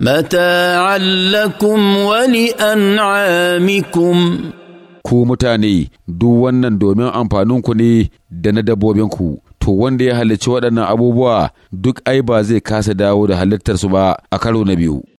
متاعا لكم ولأنعامكم ku mutane duk wannan domin amfaninku ne da na dabbobinku to wanda ya halicci waɗannan abubuwa duk ai ba zai kasa dawo da halittarsu ba a karo na biyu